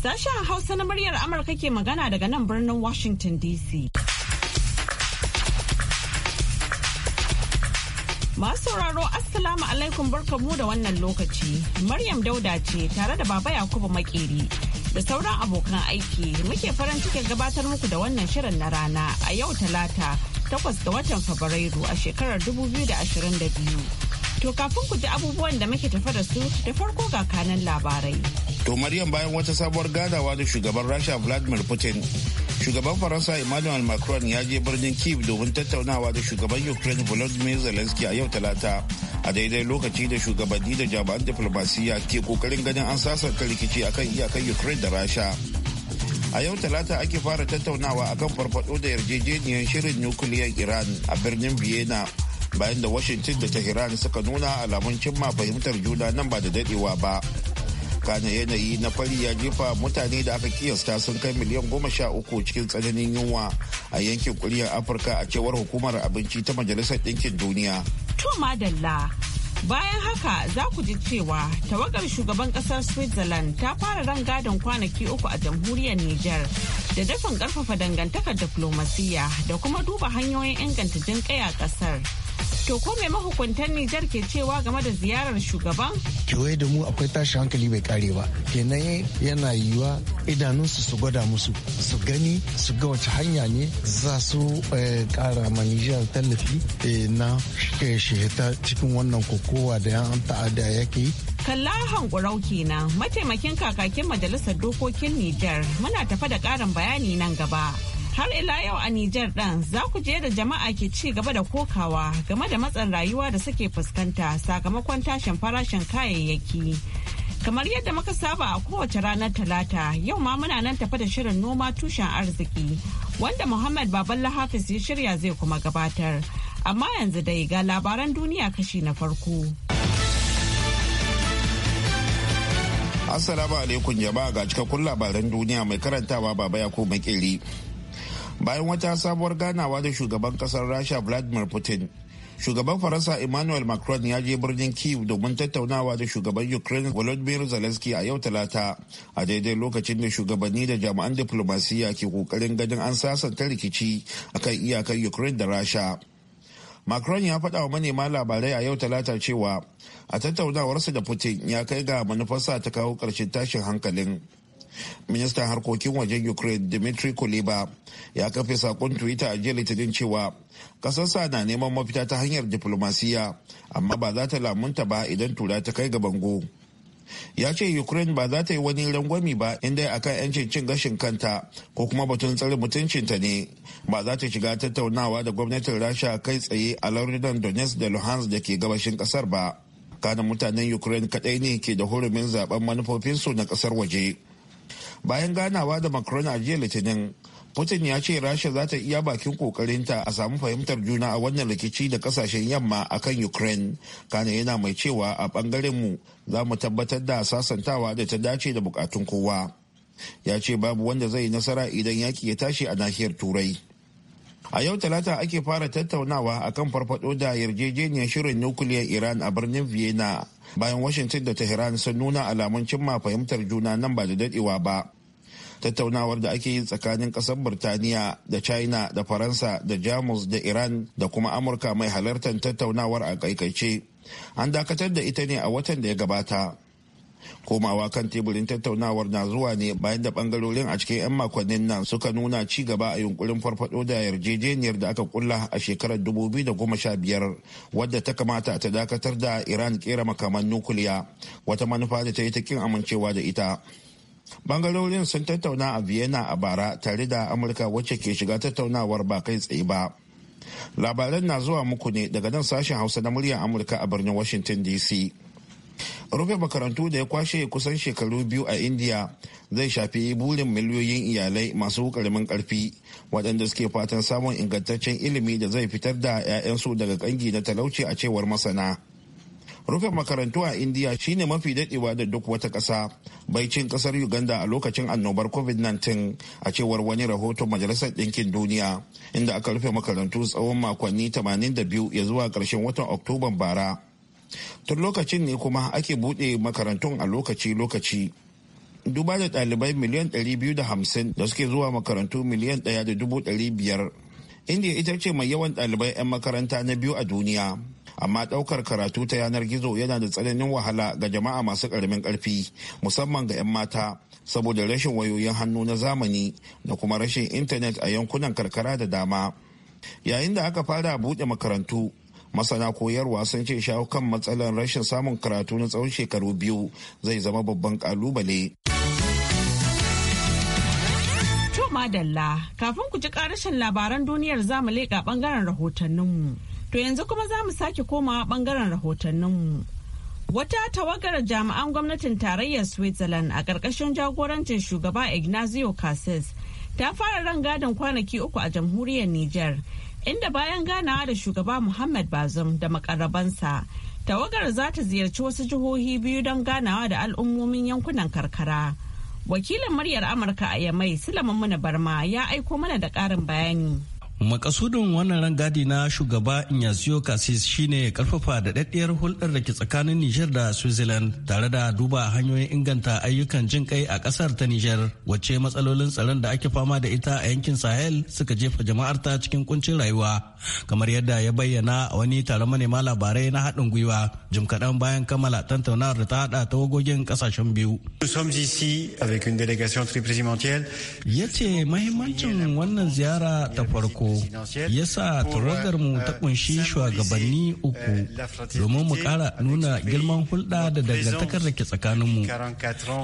Sashen Hausa na muryar Amurka ke magana daga nan birnin Washington DC. Masu sauraro Assalamu alaikum barkamu da wannan lokaci. Maryam Dauda ce tare da Baba Yakubu Makeri da sauran abokan aiki muke farin cikin gabatar muku da wannan shirin na rana a yau talata takwas ga watan Fabrairu a shekarar 2022. To kafin ku ji abubuwan da muke tafa da su da farko ga kanan labarai. to maryam bayan wata sabuwar gadawa da shugaban rasha vladimir putin shugaban faransa emmanuel macron ya je birnin kiev domin tattaunawa da shugaban ukraine volodymyr zelensky a yau talata a daidai lokaci da shugabanni da jami'an diflomasiyya ke kokarin ganin an sasanta rikici akan iyakan ukraine da rasha a yau talata ake fara tattaunawa akan farfado da yarjejeniyar shirin nukiliyar iran a birnin vienna bayan da washington da tehran suka nuna alamun cimma fahimtar juna nan ba da dadewa ba kana yanayi na fari ya jefa mutane da aka kiyasta sun kai miliyan goma sha uku cikin tsananin yunwa a yankin kuriyar afirka a cewar hukumar abinci ta majalisar ɗinkin duniya to madalla bayan haka za ku ji cewa tawagar shugaban kasar switzerland ta fara gadon kwanaki uku a jamhuriyar niger da dafan karfafa dangantakar diflomasiyya da kuma duba hanyoyin inganta jinƙaya ƙasar. kasar To ko me mahukuntan Nijar ke cewa game da ziyarar shugaban? Kewaye da mu akwai tashin hankali bai kare ba. Kenan yana yiwuwa idanunsu su gwada musu su gani su ga wace hanya ne za su eh, kara ma Nijar tallafi eh, na ta cikin wannan kokowa da yan ta'adda yake Kalla hankurau kenan mataimakin kakakin majalisar dokokin Nijar muna tafa da karin bayani nan gaba. Har ila yau a Nijar ɗin za ku je da jama'a ke ci gaba da kokawa game da matsin rayuwa da suke fuskanta sakamakon tashin farashin kayayyaki. Kamar yadda muka saba a kowace ranar Talata, yau ma muna nan tafa da shirin noma tushen arziki, wanda Muhammad Baballa Hafiz ya shirya zai kuma gabatar. Amma yanzu dai ga labaran duniya kashi na farko. Assalamu alaikum jama'a ga cikakkun labaran duniya mai karantawa Baba ya ko Makeri. bayan wata sabuwar ganawa da shugaban kasar rasha vladimir putin shugaban faransa emmanuel macron ya je birnin kiev domin tattaunawa da shugaban ukraine volodymyr zelensky a yau talata a daidai lokacin da shugabanni da jami'an diplomasiya ke kokarin ganin an sasanta rikici akan iyakar ukraine da rasha macron ya faɗa wa manema labarai a yau talata cewa a tattaunawarsa da putin ya kai ga manufarsa ta kawo ƙarshen tashin hankalin ministan harkokin wajen ukraine dmitry kuleba ya kafe sakon twitter a jiya litinin cewa kasarsa na neman mafita ta hanyar diplomasiya amma ba za ta lamunta ba idan tura ta kai ga bango ya ce ukraine ba za ta yi wani rangwami ba inda akan yancin cin gashin kanta ko kuma batun tsare mutuncinta ne ba za ta shiga tattaunawa da gwamnatin rasha kai tsaye a lardunan donetsk da luhansk da ke gabashin kasar ba kana mutanen ukraine kadai ne ke da hurumin zaben manufofinsu na kasar waje bayan ganawa da macron a jiya litinin putin ya ce rasha za ta iya bakin kokarinta a samu fahimtar juna a wannan rikici da kasashen yamma a kan ukraine kana yana mai cewa a bangaren mu za mu tabbatar da sasantawa da ta dace da bukatun kowa ya ce babu wanda zai nasara idan yaki ya tashi a nahiyar turai a yau talata ake fara tattaunawa akan farfado da yarjejeniyar shirin nukiliyar iran a birnin vienna bayan washington da tehran sun nuna alamun cimma fahimtar juna nan ba da dadewa ba tattaunawar da ake yi tsakanin kasar birtaniya da china da faransa da jamus da iran da kuma amurka mai halartar tattaunawar a kaikaice an dakatar da ita ne a watan da ya gabata komawa kan teburin tattaunawar na zuwa ne bayan da bangarorin a cikin 'yan makonnin nan suka nuna ci gaba a yunkurin farfado da yarjejeniyar da aka kulla a shekarar 2015 wadda ta kamata ta dakatar da iran kera makaman nukuliya wata manufa da ta yi ta kin amincewa da ita bangarorin sun tattauna a vienna a bara tare da amurka wacce ke shiga tattaunawar ba kai tsaye ba labaran na zuwa muku ne daga nan sashen hausa na muryar amurka a birnin washington dc rufe makarantu da ya kwashe kusan shekaru biyu a indiya zai shafi burin miliyoyin iyalai masu karamin karfi waɗanda suke fatan samun ingantaccen ilimi da zai fitar da 'ya'yansu daga kangi na talauci a cewar masana rufe makarantu a indiya shine mafi daɗewa da duk wata ƙasa cin ƙasar uganda a lokacin annobar covid-19 a cewar wani rahoton majalisar ɗinkin duniya inda aka rufe makarantu tsawon makonni 82 ya zuwa ƙarshen watan oktoban bara tun lokacin ne kuma ake buɗe makarantun a lokaci-lokaci duba da ɗalibai miliyan 250 da suke zuwa makarantu miliyan 1.500 Indiya ita ce mai yawan ɗalibai 'yan makaranta na biyu a duniya amma ɗaukar karatu ta yanar gizo yana da tsananin wahala ga jama'a masu ƙaramin ƙarfi musamman ga 'yan mata saboda rashin wayoyin hannu na zamani da kuma rashin intanet a yankunan karkara da dama yayin da aka fara buɗe makarantu masana koyarwa sun ce shawo kan matsalar rashin samun karatu na tsawon shekaru biyu zai zama babban kalubale. to madalla kafin ku ji karashin labaran duniyar zamu leƙa bangaren rahotanninmu to yanzu kuma za mu sake komawa bangaren rahotanninmu Wata tawagar jami'an gwamnatin tarayyar Switzerland a ƙarƙashin jagorancin shugaba Ignazio Cassis ta fara ran rangadin kwanaki uku a jamhuriyar Nijar inda bayan ganawa da shugaba Muhammad Bazum da makarabansa tawagar za ta ziyarci wasu jihohi biyu don ganawa da al'ummomin yankunan karkara. Wakilin muryar Amurka a Yamai Sulaiman Muna Barma ya aiko mana da ƙarin bayani. Makasudin wannan rangadi na shugaba siyo Kasis shine karfafa da daddiyar hulɗar da ke tsakanin niger da Switzerland tare da duba hanyoyin inganta ayyukan jin kai a ƙasar ta niger wacce matsalolin tsaron da ake fama da ita a yankin Sahel suka jefa jama'arta cikin kuncin rayuwa kamar yadda ya bayyana a wani taron manema labarai na haɗin gwiwa jim kaɗan bayan kammala tantaunawar da ta haɗa wagogin ƙasashen biyu. Ya ce mahimmancin wannan ziyara ta farko yasa tawagar mu ta kunshi shugabanni uku domin mu kara nuna girman hulɗa da dangantakar da ke tsakaninmu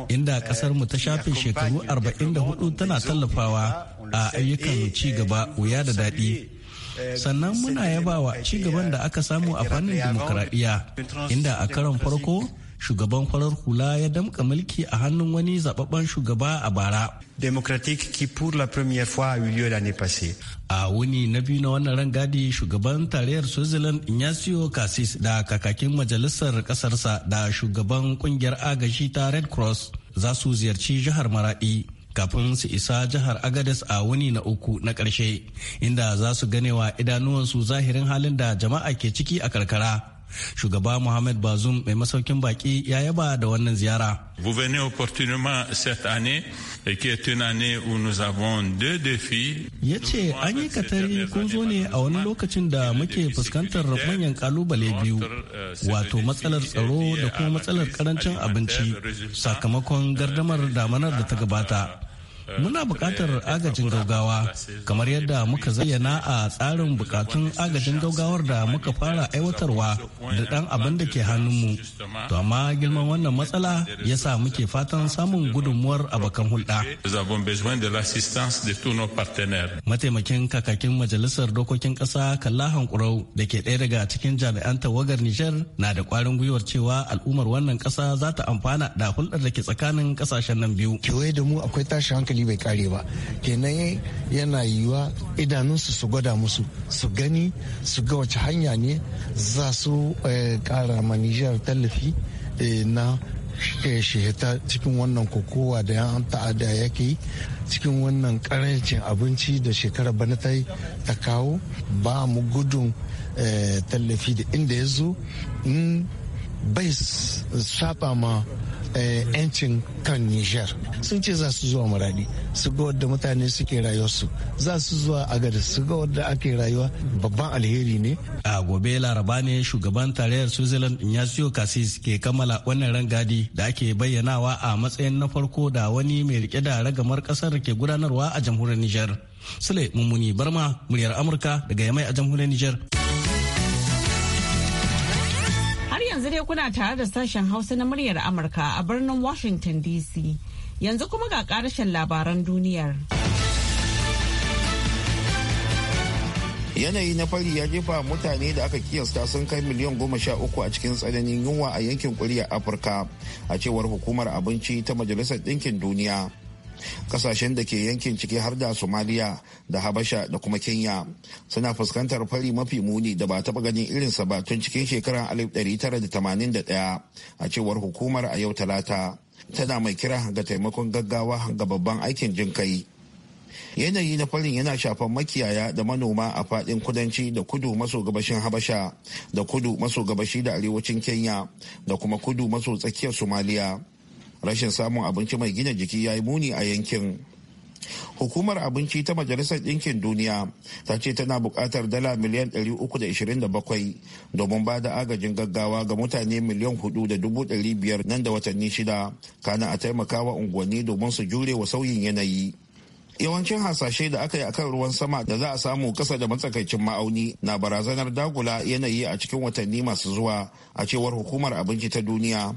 inda kasar mu ta shafe shekaru 44 tana tallafawa a ayyukan ci gaba wuya da daɗi sannan muna yabawa ci gaban da aka samu a fannin dimokuraɗiyya inda a karon farko shugaban farar hula ya damka mulki a hannun wani zababben shugaba a bara. Democratic qui pour la première fois a eu lieu l'année passée. A wuni na biyu na wannan rangadi shugaban tarayyar Switzerland Ignacio Cassis da kakakin majalisar kasarsa da shugaban kungiyar agaji ta Red Cross za su ziyarci jihar Maradi. kafin su isa jihar agadis a wuni na uku na karshe inda za su ganewa idanuwansu zahirin halin da jama'a ke ciki a karkara Shugaba Muhammad Bazoum mai masaukin baki ya yaba da wannan ziyara. Vous venez opportunément cette année Ya ce an yi katari kun zo ne a wani lokacin da muke fuskantar manyan kalubale biyu euh, wato matsalar tsaro da kuma matsalar karancin abinci sakamakon gardamar euh, damanar da ta euh, gabata. muna bukatar agajin gaugawa kamar yadda muka zayyana a tsarin bukatun agajin gaugawar da muka fara aiwatarwa da dan abin da ke hannunmu to amma girman wannan matsala ya sa muke fatan samun gudunmuwar abokan hulɗa mataimakin kakakin majalisar dokokin ƙasa kalla hankurau da ke ɗaya daga cikin jami'an tawagar nijar na da ƙwarin gwiwar cewa al'ummar wannan ƙasa za ta amfana da hulɗar da ke tsakanin ƙasashen nan biyu kewaye da mu akwai tashin hankali hankali bai kare ba kenan yana yiwuwa idanunsu su gwada musu su gani su ga wace hanya ne za su eh, kara ma tallafi eh, na eh, shehita cikin wannan kokowa da yan ta'ada yake yi cikin wannan karancin abinci da shekarar bana ta yi ta kawo ba mu gudun tallafi da inda ya zo bai saba ma Eh, 'yancin kan Nijar. Sun ce za su zuwa Maradi, su ga wadda mutane suke rayuwarsu, za su zuwa gada su ga wadda ake rayuwa babban alheri ne. A gobe Laraba ne shugaban tarayyar Switzerland ya siyo kasis ke kammala wannan rangadi da ake bayyanawa a matsayin na farko da wani mai rike da ragamar kasar ke gudanarwa a jamhuriyar Nijar. Sule Mummuni Barma, muryar Amurka daga Yamai a jamhuriyar Nijar. yanzu dai kuna tare da sashen Hausa na muryar Amurka a birnin Washington DC. Yanzu kuma ga karashen labaran duniyar. Yanayi na fari ya jefa mutane da aka kiyasta sun kai miliyan goma sha uku a cikin tsananin yunwa a yankin kuriya Afirka a cewar hukumar abinci ta Majalisar Ɗinkin Duniya. kasashen da ke yankin ciki har da somaliya da habasha da kuma kenya suna fuskantar fari mafi muni da ba taba ganin irinsa ba tun cikin shekarar 1981 a cewar hukumar a yau talata tana mai kira ga taimakon gaggawa ga babban aikin jin kai yanayi na farin yana shafan makiyaya da manoma a fadin kudanci da kudu maso gabashin habasha da kudu maso gabashi da arewacin kenya da kuma kudu maso tsakiyar somaliya rashin samun abinci mai gina jiki ya yi muni a yankin hukumar abinci ta majalisar ɗinkin duniya ta ce tana buƙatar dala miliyan 327 domin ba da agajin gaggawa ga mutane miliyan 4,500 nan da watanni shida kana a taimakawa unguwanni domin su jure wa sauyin yanayi yawancin hasashe da aka yi a kan ruwan sama da za a samu kasa da matsakaicin ma'auni na barazanar dagula yanayi a cikin watanni masu zuwa a cewar hukumar abinci ta duniya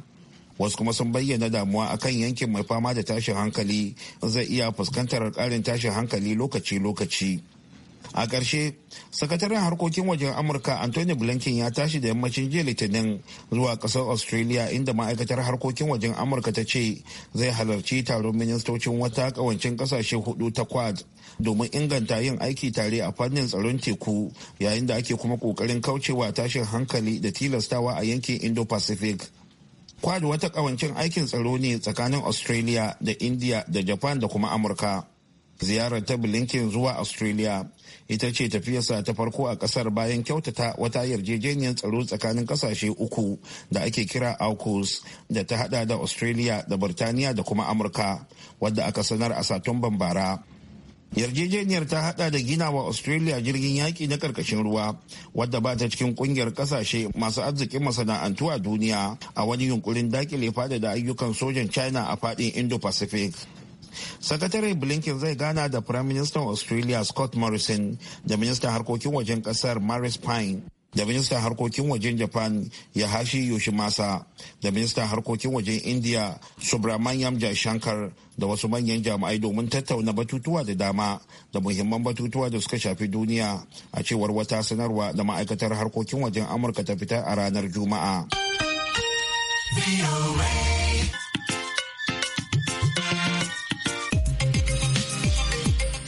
wasu kuma sun bayyana damuwa akan yankin mai fama da tashin hankali zai iya fuskantar karin tashin hankali lokaci-lokaci a ƙarshe sakataren harkokin wajen amurka anthony blinken ya tashi da yammacin jiya litinin zuwa ƙasar australia inda ma'aikatar harkokin wajen amurka ta ce zai halarci taron ministocin wata ƙawancin ƙasashe hudu ta quad domin inganta yin aiki tare a fannin tsaron teku yayin da ake kuma ƙoƙarin kaucewa tashin hankali da tilastawa a yankin indo-pacific kwad wata kawancin aikin tsaro ne tsakanin australia da india da japan da kuma amurka ziyarar ta blinken zuwa australia ita ce tafiyarsa ta farko a kasar bayan kyautata wata yarjejeniyar tsaro tsakanin kasashe uku da ake kira aukus da ta hada da australia da birtaniya da kuma amurka wadda aka sanar a satumban bara yarjejeniyar ta hada da gina wa australia jirgin yaki na karkashin ruwa wadda ba ta cikin kungiyar kasashe masu arzikin masana'antu a duniya a wani yunkurin dakile fada da ayyukan sojan china a fadin indo-pacific sakatare blinken zai gana da prime minister australia scott morrison da ministan harkokin wajen kasar maris pine da ministan harkokin wajen japan ya hashi yoshimasa da ministan harkokin wajen india subramanyam shankar da wasu manyan jami'ai domin tattauna batutuwa da dama da muhimman batutuwa da suka shafi duniya a cewar wata sanarwa da ma'aikatar harkokin wajen amurka ta fita a ranar juma'a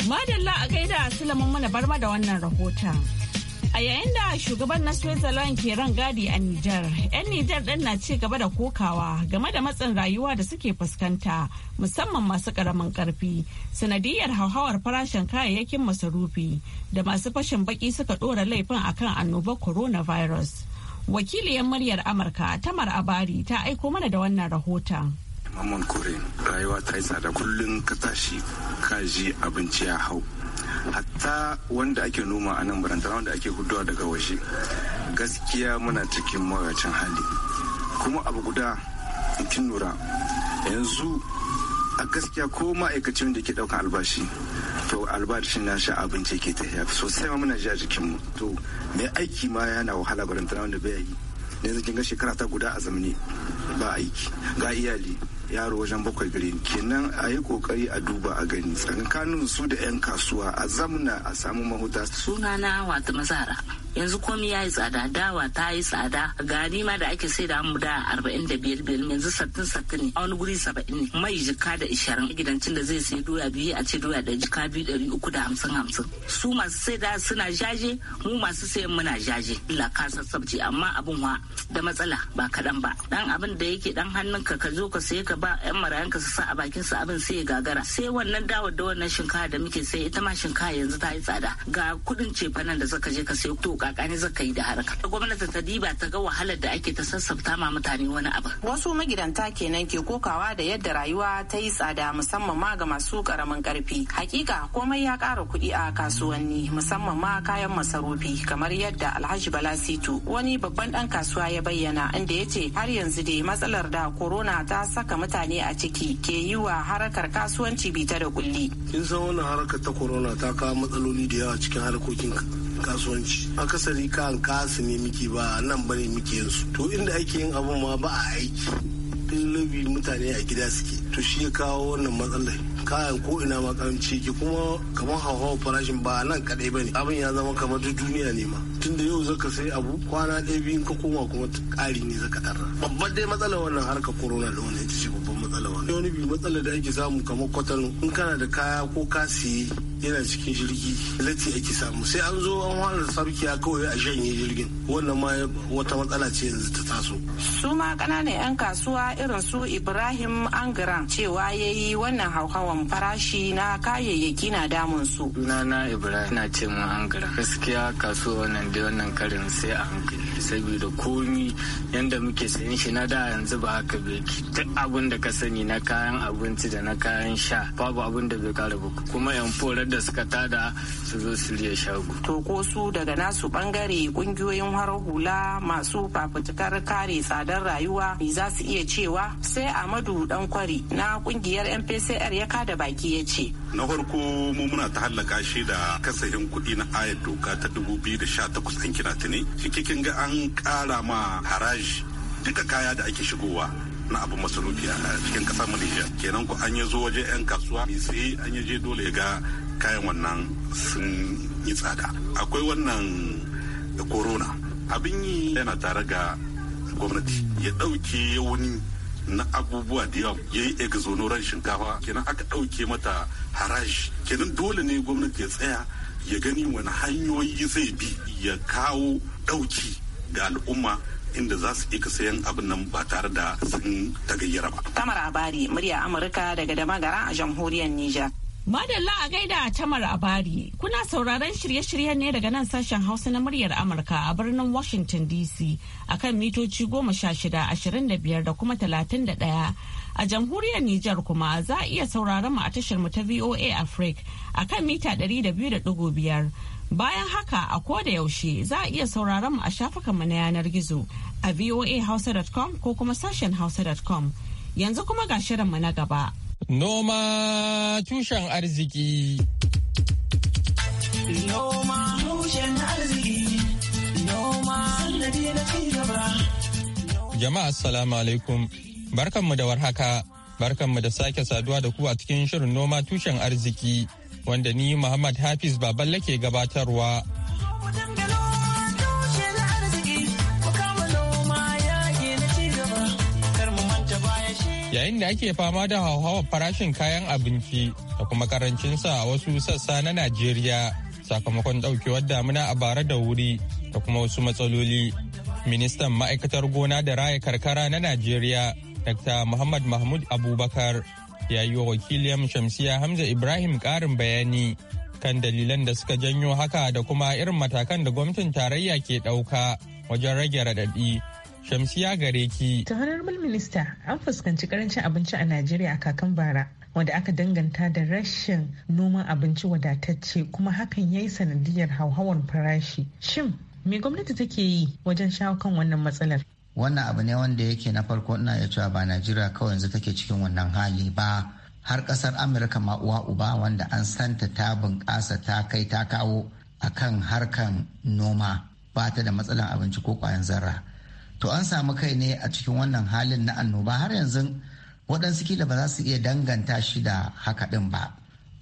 madalla a gaida sulamin mana barma da wannan rahoton yayin da shugaban na Switzerland ke ran gadi a Nijar, 'yan Nijar ɗin na ci gaba da kokawa game da matsin rayuwa da suke fuskanta musamman masu ƙaramin karfi sanadiyar hauhawar farashin kayayyakin masarufi da masu fashin baki suka ɗora laifin akan annobar coronavirus. Wakiliyar muryar Amurka Tamar Abari ta aiko mana da wannan rahoton. Mamman Kore, rayuwa ta yi tsada kullum ka tashi ka ji abinci ya hau hatta wanda ake noma a nan barantana wanda ake huduwa daga waje gaskiya muna cikin mawacin hali kuma abu guda kin lura yanzu a gaskiya ko ma'aikacin da ke daukan albashi to albashin na sha abinci ke ta tafiya sosai ma muna jikin jikinmu to mai aiki ma yana wahala barantana wanda bai yi yanzu kin ga shekara ta guda a zamani ba aiki ga iyali yaro wajen bakwai gari. kenan a yi kokari a duba a gani tsakanin su da 'yan kasuwa a zamna a samu mahuta sunana wata mazara yanzu komi ya yi tsada dawa ta yi tsada gari ma da ake sai da mu da arba'in da biyar biyar yanzu sattin sattin ne a wani guri saba'in ne mai jika da ishirin gidancin da zai sai doya biyu a ce doya da jika biyu ɗari uku da hamsin hamsin su masu sai da suna jaje mu masu sai muna jaje illa ka sassabci amma abin wa da matsala ba kaɗan ba dan abin da yake dan hannun ka ka zo ka sai ka ba yan marayanka su sa a bakin su abin sai ya gagara sai wannan dawar da wannan shinkafa da muke sai ita ma shinkafa yanzu ta yi tsada ga kudin cefanan da zaka je ka sayo to kakani zaka yi da harka gwamnati ta diba ta ga wahalar da ake ta sassafta ma mutane wani abu wasu magidanta kenan ke kokawa da yadda rayuwa ta yi tsada musamman ma ga masu karamin karfi hakika komai ya kara kuɗi a kasuwanni musamman ma kayan masarufi kamar yadda alhaji bala situ wani babban dan kasuwa ya bayyana inda ya ce har yanzu dai matsalar da corona ta saka mutane a ciki ke yi wa harkar kasuwanci bita da kulli. Kin san wannan harkar ta korona ta kawo matsaloli da yawa cikin harkokin kasuwanci akasari kan kasu ne miki ba nan bane miki yansu to inda ake yin abun ma ba a aiki labi mutane a gida suke to shi ya kawo wannan matsalar kayan ko ina ma kan ciki kuma kamar hawa farashin ba nan kadai ba ne abin ya zama kamar duk duniya ne ma tun da yau zaka sai abu kwana ɗaya biyu ka koma kuma ƙari ne zaka tarra babban dai matsalar wannan harkar korona da wannan ta shigo wani bi matsalar da ake samu kamar kwatano in kana da kaya ko ka yana cikin jirgi lati ake samu sai an zo an fara sarkiya kawai a shanye jirgin wannan ma wata matsala ce yanzu ta taso su ma kananan yan kasuwa irin su ibrahim angaran cewa ya yi wannan hauhawan farashi na kayayyaki na damun su na na ibrahim na ce mu angaran gaskiya kasuwa wannan da wannan karin sai a hankali yake saboda komi yanda muke sayan shi na da yanzu ba haka ba duk abin da ka sani na kayan abinci da na kayan sha babu abin da bai kara ba kuma yan forar da suka tada su zo su riya shago. To ko su daga nasu bangare kungiyoyin har hula masu fafutukar kare tsadar rayuwa za su iya cewa sai Amadu dan kwari na kungiyar MPCR ya kada baki ya ce. Na farko mu muna ta hallaka shi da kasafin kuɗi na ayar doka ta 2018 an kina tuni shi kikin ga an an ƙara ma haraji duka kaya da ake shigowa na abu masarufi a cikin kasar Malaysia kenan ku an yi zo waje 'yan kasuwa mai sai an yi je dole ga kayan wannan sun yi tsada akwai wannan corona abin yi yana tare ga gwamnati ya ɗauke wani na abubuwa da yawa ya yi exoneran shinkafa kenan aka ɗauke mata haraji kenan dole ne gwamnati ya tsaya ya gani wani hanyoyi zai bi ya kawo ɗauki ga al'umma inda za su ika sayan abin nan ba tare da sun tagayyara ba. Tamar Abari, murya Amurka daga Damagara a jamhuriyar Nijar. Madalla a gaida a Tamar Abari, kuna sauraron shirye-shiryen ne daga nan sashen Hausa na muryar Amurka a birnin Washington DC akan mitoci goma sha shida, ashirin da biyar da kuma talatin da ɗaya. A jamhuriyar Nijar kuma za a iya sauraron mu a tashar mu ta VOA Africa akan mita ɗari da biyu da ɗigo biyar. Bayan haka a koda yaushe za a iya sauraron mu a shafukanmu na yanar gizo a voahausa.com ko kuma sashen hausa.com. Yanzu kuma ga shirinmu na gaba. Noma tushen arziki. Noma tushen arziki. Noma na gaba. Jama'a assalamu alaikum. Barkanmu da warhaka. Barkanmu da sake saduwa da ku a cikin shirin noma tushen arziki. wanda ni Muhammad Hafiz Baballe ke gabatarwa. Yayin da ake fama da hauhawar farashin kayan abinci da kuma karancinsa a wasu sassa na Najeriya sakamakon ɗaukewar damuna a bara da wuri da kuma wasu matsaloli. Ministan ma'aikatar gona da raya karkara na Najeriya, Dr. Muhammad Mahmud Abubakar ya yi wa wakiliyar shamsiya hamza ibrahim ƙarin bayani kan dalilan da suka janyo haka da kuma irin matakan da gwamnatin tarayya ke ɗauka wajen rage raɗaɗi shamsiya gare ki. ta honorable minista an fuskanci karancin abinci a najeriya a kakan bara wanda aka danganta da rashin noman abinci wadatacce kuma hakan ya yi sanadiyar hauhawar farashi shin me gwamnati take yi wajen shawo kan wannan matsalar wannan abu ne wanda yake na farko ina ya cewa ba najeriya kawai yanzu take cikin wannan hali ba har kasar amurka ma uwa uba wanda an santa ta bunƙasa ta kai ta kawo akan harkan noma ba ta da matsalan abinci ko kwayan zarra to an samu kai ne a cikin wannan halin na annoba har yanzu waɗansu kila ba za su iya danganta shi da haka ɗin ba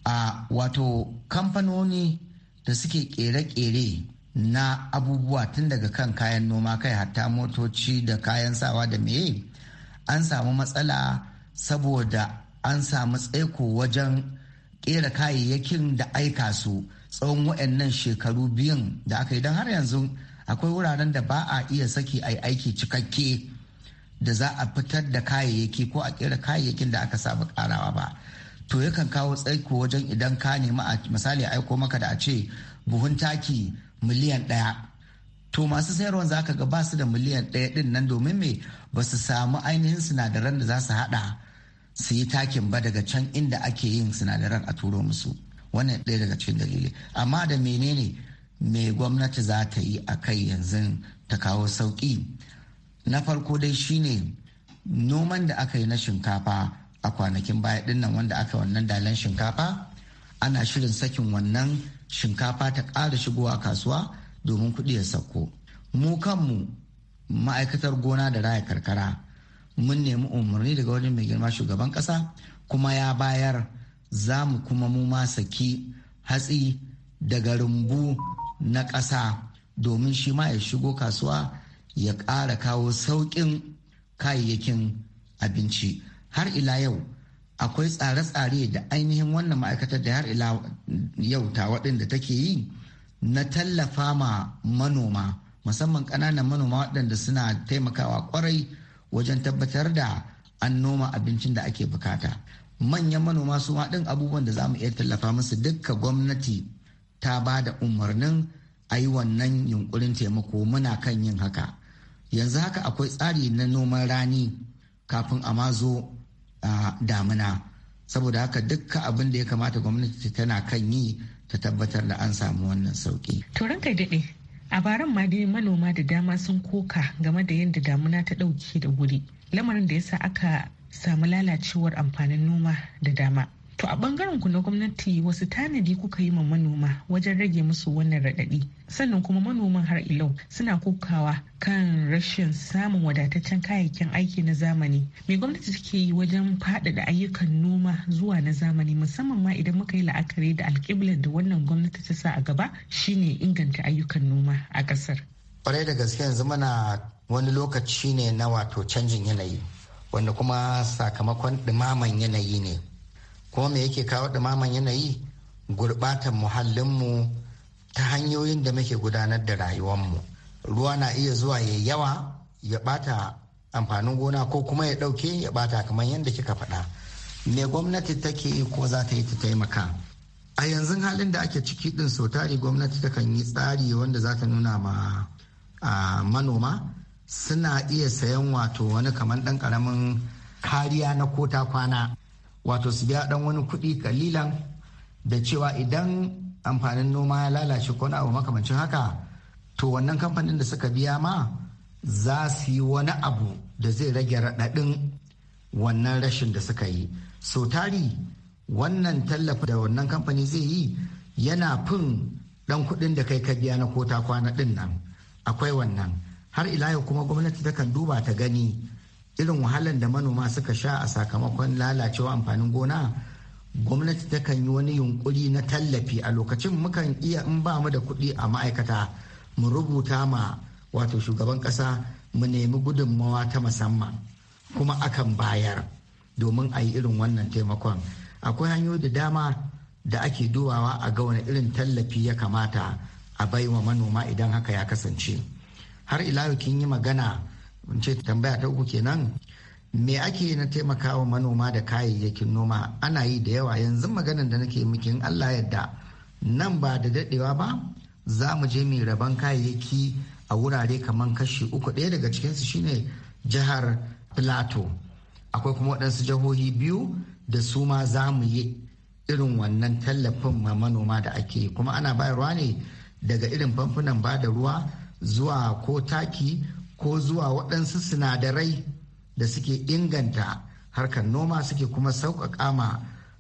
a wato kamfanoni da suke ƙere-ƙere na abubuwa tun daga kan kayan noma kai hatta motoci da kayan sawa da meye an samu matsala saboda an samu tsaiko wajen kera kayayyakin da aika su tsawon waɗannan shekaru biyun da aka yi don har yanzu akwai wuraren da ba a iya saki a aiki cikakke da za a fitar da kayayyaki ko a kera kayayyakin da aka samu karawa ba to yakan kawo tsaiko wajen idan ka nemi misali aiko maka da a ce buhun taki miliyan ɗaya to masu sayarwa za ka ga ba su da miliyan ɗaya ɗin nan domin me ba su samu ainihin sinadaran da za su haɗa su yi takin ba daga can inda ake yin sinadaran a turo musu wannan ɗaya daga cikin dalili amma da menene me gwamnati za ta yi a kai yanzu ta kawo sauƙi na farko dai shine noman da aka yi na shinkafa a kwanakin baya ɗin nan wanda aka wannan dalan shinkafa ana shirin sakin wannan shinkafa ta ƙara shigowa kasuwa domin kuɗi ya sauko mu kanmu ma'aikatar gona da raya karkara mun nemi umarni daga wajen mai girma shugaban ƙasa kuma ya bayar za mu kuma mu ma saki hatsi daga rumbu na ƙasa domin shi ma ya shigo kasuwa ya ƙara kawo sauƙin kayayyakin abinci har ila yau akwai tsare-tsare da ainihin wannan ma'aikatar da har ila yau ta waɗanda take yi na tallafa ma manoma musamman ƙananan manoma waɗanda suna taimakawa kwarai wajen tabbatar da an noma abincin da ake bukata manyan manoma su ma ɗin abubuwan da za mu iya tallafa musu dukka gwamnati ta ba da umarnin a yi wannan yunkurin taimako muna kan yin haka yanzu haka akwai tsari na noman rani kafin a ma zo damuna saboda haka dukkan abin da ya kamata gwamnati tana kan yi ta tabbatar da an samu wannan sauki. turan kai daɗe a baran ma dai manoma da dama sun koka game da yadda damuna ta ɗauke da wuri lamarin da yasa aka samu lalacewar amfanin noma da dama. To a bangaren ku na gwamnati wasu tanadi kuka yi ma manoma wajen rage musu wannan raɗaɗi. Sannan kuma manoman har ilo suna kokawa kan rashin samun wadataccen kayayyakin aiki na zamani. Me gwamnati take yi wajen faɗaɗa ayyukan noma zuwa na zamani musamman ma idan muka yi la'akari da alƙiblar da wannan gwamnati ta sa a gaba shine inganta ayyukan noma a ƙasar. Kwarai da gaske yanzu muna wani lokaci ne na wato canjin yanayi wanda kuma sakamakon ɗumaman yanayi ne ko me yake kawo ɗumaman yanayi gurɓatan muhallinmu ta hanyoyin da muke gudanar da rayuwanmu. ruwa na iya zuwa ya yawa ya ɓata amfanin gona ko kuma ya ɗauke ya ɓata kamar yadda kika faɗa me gwamnati take ko za ta yi ta taimaka a yanzu halin da ake ciki ɗin sau tari gwamnati takan yi tsari wanda za ta nuna ma a manoma suna iya sayan wato wani kamar ɗan ƙaramin kariya na kota kwana wato su biya dan wani kuɗi kalilan da cewa idan amfanin noma ya lalace ko abu makamancin haka to wannan kamfanin da suka biya ma za su yi wani abu da zai rage raɗaɗin wannan rashin da suka yi so tari wannan tallafi da wannan kamfani zai yi yana fin dan kuɗin da kai ka biya na kota kwana ɗin nan akwai wannan har ila yau kuma gwamnati takan duba ta gani irin wahalar da manoma suka sha a sakamakon lalacewa amfanin gona gwamnati takan yi wani yunkuri na tallafi a lokacin mukan iya in ba mu da kuɗi a ma'aikata mu rubuta ma wato shugaban ƙasa mu nemi gudunmawa ta musamman kuma akan bayar domin a yi irin wannan taimakon akwai hanyoyi da dama da ake dubawa a ga wani irin tallafi ya kamata a baiwa manoma idan haka ya kasance har ila kin yi magana ce tambaya ta uku kenan me ake na taimakawa manoma da kayayyakin noma ana yi da yawa yanzu maganar da nake miki Allah yadda nan ba da dadewa ba za mu je mai rabon kayayyaki a wurare kamar kashi uku ɗaya daga cikinsu shine jihar plateau akwai kuma waɗansu jihohi biyu da su ma za mu yi irin wannan tallafin ma manoma da ake kuma ana bayarwa ne daga irin famfunan ba da ruwa zuwa ko taki ko zuwa waɗansu sinadarai da suke inganta harkar noma suke kuma sauƙaƙa ma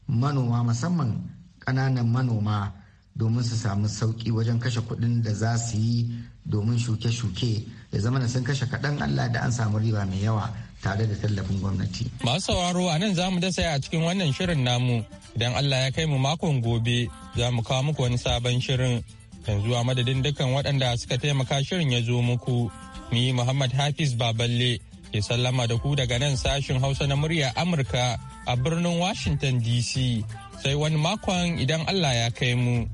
manoma musamman ƙananan manoma domin su samu sauƙi wajen kashe kuɗin da za su yi domin shuke-shuke ya zama sun kashe kaɗan Allah da an samu riba mai yawa tare da tallafin gwamnati. Masu sauraro a nan za mu dasa a cikin wannan shirin namu idan Allah ya kai mu makon gobe za mu kawo muku wani sabon shirin yanzu a madadin dukkan waɗanda suka taimaka shirin ya zo muku Ni Muhammad Hafiz Baballe ke sallama da ku daga nan sashin Hausa na murya Amurka a birnin Washington DC. Sai wani makon idan Allah ya kai mu.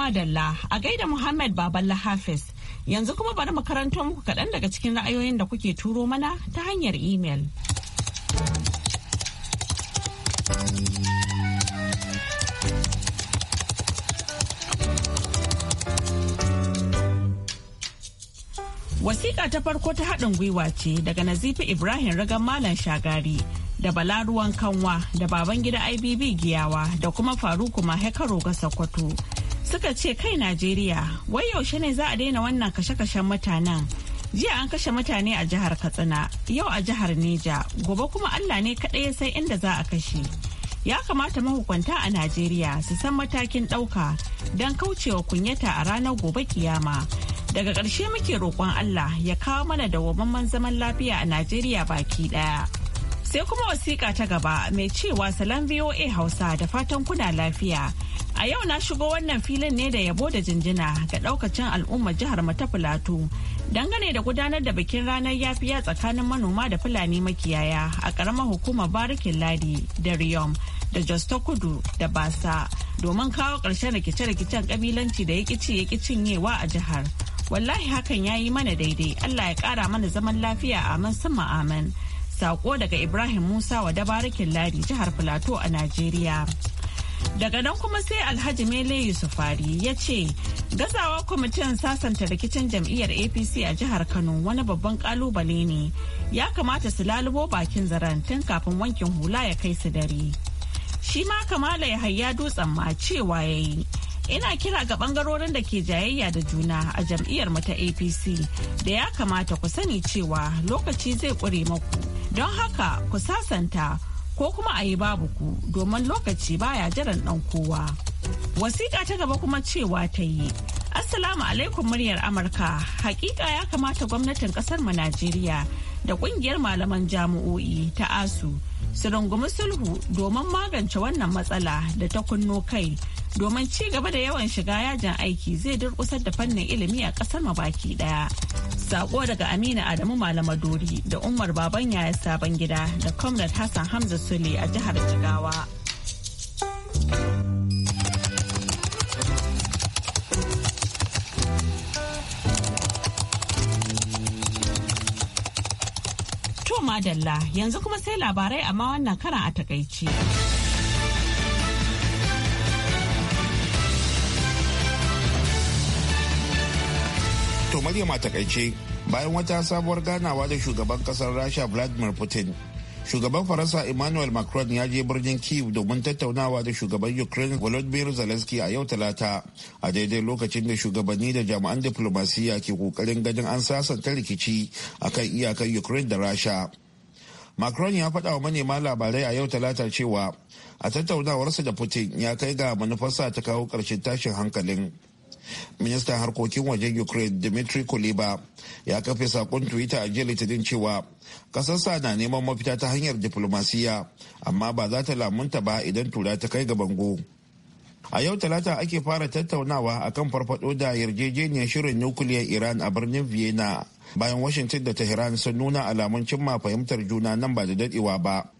madalla a gaida Muhammad Baballa Hafiz. Yanzu kuma bari mu karanto muku kaɗan daga cikin ra'ayoyin da kuke turo mana ta hanyar imel. Wasiƙa ta farko ta haɗin gwiwa ce daga Nazifi Ibrahim Ragan Malam Shagari. da bala ruwan kanwa da baban gida ibb giyawa da kuma faruku mahekaro ga sokoto suka ce kai Najeriya wai yaushe ne za a daina wannan kashe-kashen mutanen. Jiya an kashe mutane a jihar Katsina, yau a jihar Neja, gobe kuma Allah ne kaɗai sai inda za a kashe. ya kamata mahukunta a Najeriya su san matakin ɗauka don kaucewa kunyata a ranar gobe kiyama. Daga ƙarshe muke roƙon Allah ya kawo mana dawwammamen zaman lafiya a Najeriya baki ɗaya. Sai kuma wasiƙa ta gaba mai cewa salon VOA Hausa da fatan kuna lafiya. A yau na shigo wannan filin ne da yabo da jinjina ga ɗaukacin al'umma jihar ta Filato dangane da gudanar da bikin ranar yafiya tsakanin manoma da Fulani makiyaya a ƙaramar hukumar Barikin Ladi da Riyom da Jos ta Kudu da Basa domin kawo ƙarshen rikice-rikicen ƙabilanci da ya ƙici ya cinyewa a jihar. wallahi hakan ya yi mana daidai Allah ya ƙara mana zaman lafiya amen sama amin Sako daga Ibrahim Musa wa dabarikin Ladi jihar Filato a Najeriya. Daga nan kuma sai Alhaji Mele Yusufari ya ce, gazawa kwamitin sasanta rikicin jam'iyyar APC a jihar Kano wani babban kalubale ne. Ya kamata su lalubo bakin zaren tun kafin wankin hula ya kai su dare. Shi ma Kamala ya hayya dutsen ma cewa ya yi. ina kira ga bangarorin da ke jayayya da juna a jam'iyyar mu ta apc da ya kamata ku sani cewa lokaci zai ƙure maku Don haka ku sasanta ko kuma a yi babu ku domin lokaci baya jiran ɗan kowa. Wasiƙa ta gaba kuma cewa ta yi. Assalamu alaikum muryar Amurka. Hakika ya kamata gwamnatin kasar mu Najeriya da kungiyar malaman jami'o'i ta ASU su rungumi sulhu domin magance wannan matsala da ta kunno kai domin ci gaba da yawan shiga yajin aiki zai durkusar da fannin ilimi a kasar mabaki baki daya sako daga amina adamu malamadori da umar baban yaya sabon gida da comrade hassan hamza sule a jihar jigawa To dalla yanzu kuma sai labarai amma wannan karan a takaice. To Maryam a takaice bayan wata sabuwar ganawa da shugaban kasar Rasha Vladimir Putin shugaban faransa emmanuel macron ya je birnin kiev domin tattaunawa da shugaban ukraine volodymyr zelensky a yau talata a daidai lokacin da shugabanni da jami'an diplomasiya ke kokarin ganin an sasanta rikici a kan iyakar ukraine da rasha macron ya faɗa wa manema labarai a yau talata cewa a tattaunawarsa da putin ya kai ga manufarsa ta kawo ƙarshen tashin hankalin ministan harkokin wajen ukraine dmitry kuleba ya kafe sakon twitter a jiya litinin cewa kasarsa na neman mafita ta hanyar diplomasiya amma ba za ta lamunta ba idan tura ta kai ga bango a yau talata ake fara tattaunawa akan farfado da yarjejeniyar shirin nukiliyar iran a birnin vienna bayan washington da tehran sun nuna alamun cimma fahimtar juna nan ba da dadewa ba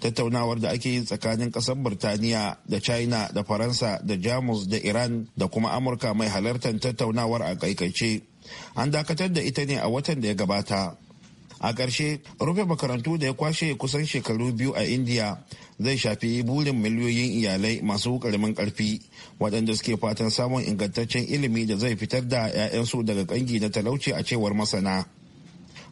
tattaunawar da ake yi tsakanin kasar birtaniya da china da faransa da jamus da iran da kuma amurka mai halartar tattaunawar a kaikaice an dakatar da ita ne a watan da ya gabata a ƙarshe rufe makarantu da ya kwashe kusan shekaru biyu a india zai shafi burin miliyoyin iyalai masu ƙaramin ƙarfi waɗanda suke fatan samun ingantaccen ilimi da zai fitar da 'ya'yansu daga ƙangi na talauci a cewar masana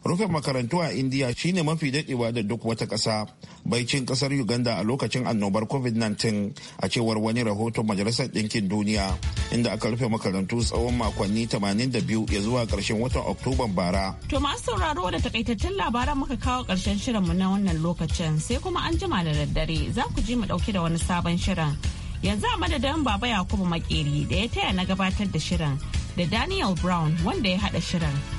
rufe makarantu a indiya shine mafi dadewa da duk wata ƙasa baicin kasar uganda a lokacin annobar covid-19 a cewar wani rahoton majalisar ɗinkin duniya inda aka rufe makarantu tsawon makonni 82 ya zuwa karshen watan oktoban bara to masu sauraro da takaitattun labaran muka kawo ƙarshen mu na wannan lokacin sai kuma an jima da daddare za ku ji mu ɗauki da wani sabon shirin yanzu a madadin baba yakubu makeri da ya taya na gabatar da shirin da daniel brown wanda ya haɗa shirin